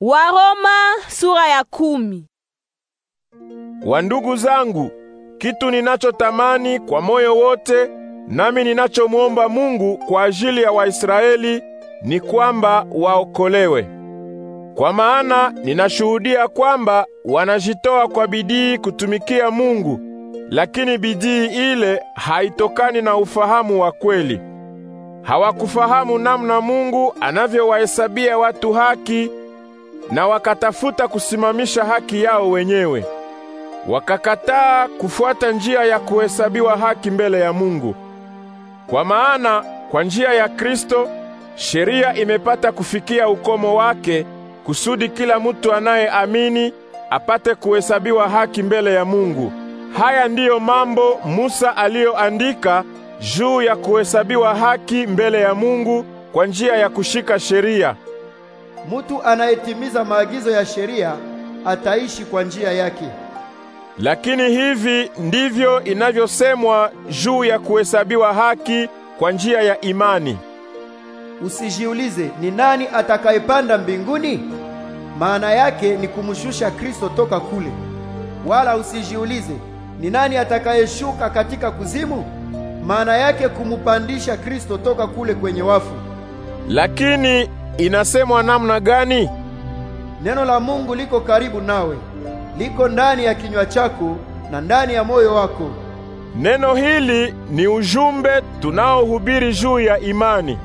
Waroma sura ya kumi. Wandugu zangu, kitu ninachotamani kwa moyo wote, nami ninachomwomba Mungu kwa ajili ya Waisraeli ni kwamba waokolewe. Kwa maana ninashuhudia kwamba wanajitoa kwa bidii kutumikia Mungu, lakini bidii ile haitokani na ufahamu wa kweli. Hawakufahamu namna Mungu anavyowahesabia watu haki na wakatafuta kusimamisha haki yao wenyewe. Wakakataa kufuata njia ya kuhesabiwa haki mbele ya Mungu. Kwa maana kwa njia ya Kristo sheria imepata kufikia ukomo wake kusudi kila mtu anayeamini apate kuhesabiwa haki mbele ya Mungu. Haya ndiyo mambo Musa aliyoandika juu ya kuhesabiwa haki mbele ya Mungu kwa njia ya kushika sheria. Mutu anayetimiza maagizo ya sheria ataishi kwa njia yake. Lakini hivi ndivyo inavyosemwa juu ya kuhesabiwa haki kwa njia ya imani. Usijiulize ni nani atakayepanda mbinguni, maana yake ni kumshusha Kristo toka kule. Wala usijiulize ni nani atakayeshuka katika kuzimu, maana yake kumupandisha Kristo toka kule kwenye wafu. Lakini inasemwa namna gani? Neno la Mungu liko karibu nawe, liko ndani ya kinywa chako na ndani ya moyo wako. Neno hili ni ujumbe tunaohubiri juu ya imani.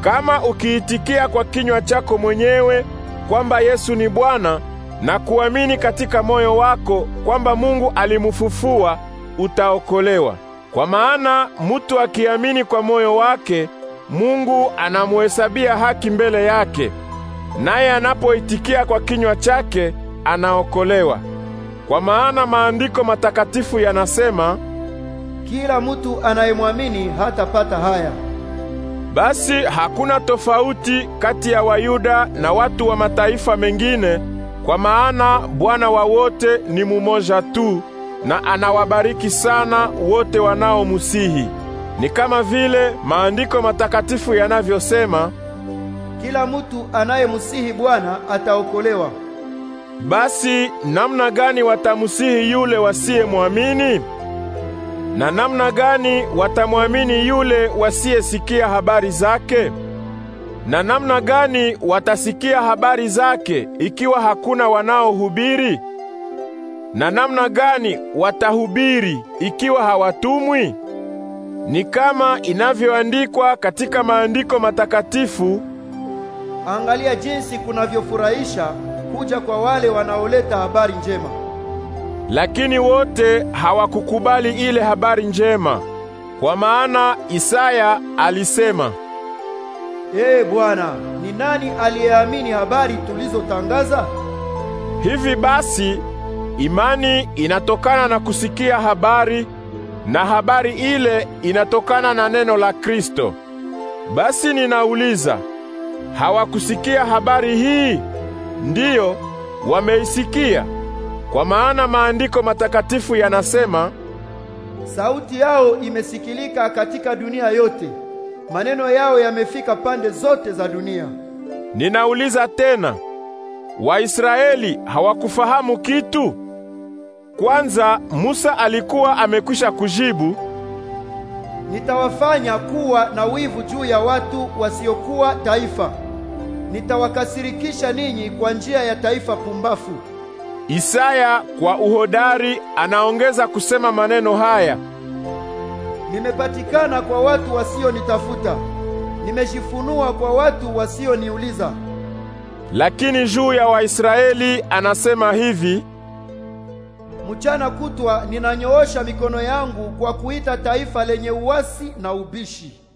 Kama ukiitikia kwa kinywa chako mwenyewe kwamba Yesu ni Bwana na kuamini katika moyo wako kwamba Mungu alimufufua, utaokolewa. Kwa maana mutu akiamini kwa moyo wake Mungu anamuhesabia haki mbele yake, naye anapoitikia kwa kinywa chake anaokolewa. Kwa maana maandiko matakatifu yanasema, kila mtu anayemwamini hatapata haya. Basi hakuna tofauti kati ya Wayuda na watu wa mataifa mengine, kwa maana Bwana wa wote ni mumoja tu, na anawabariki sana wote wanaomusihi. Ni kama vile maandiko matakatifu yanavyosema, kila mtu anayemsihi Bwana ataokolewa. Basi namna gani watamsihi yule wasiyemwamini? Na namna gani watamwamini yule wasiyesikia habari zake? Na namna gani watasikia habari zake ikiwa hakuna wanaohubiri? Na namna gani watahubiri ikiwa hawatumwi? Ni kama inavyoandikwa katika maandiko matakatifu, angalia jinsi kunavyofurahisha kuja kwa wale wanaoleta habari njema. Lakini wote hawakukubali ile habari njema, kwa maana Isaya alisema, Ee Bwana, ni nani aliyeamini habari tulizotangaza? Hivi basi imani inatokana na kusikia habari na habari ile inatokana na neno la Kristo. Basi ninauliza, hawakusikia habari hii? Ndiyo, wameisikia. Kwa maana maandiko matakatifu yanasema, sauti yao imesikilika katika dunia yote, maneno yao yamefika pande zote za dunia. Ninauliza tena, Waisraeli hawakufahamu kitu? Kwanza Musa alikuwa amekwisha kujibu, nitawafanya kuwa na wivu juu ya watu wasiokuwa taifa, nitawakasirikisha ninyi kwa njia ya taifa pumbafu. Isaya kwa uhodari anaongeza kusema maneno haya, nimepatikana kwa watu wasionitafuta, nimejifunua kwa watu wasioniuliza. Lakini juu ya Waisraeli anasema hivi mchana kutwa ninanyoosha mikono yangu kwa kuita taifa lenye uasi na ubishi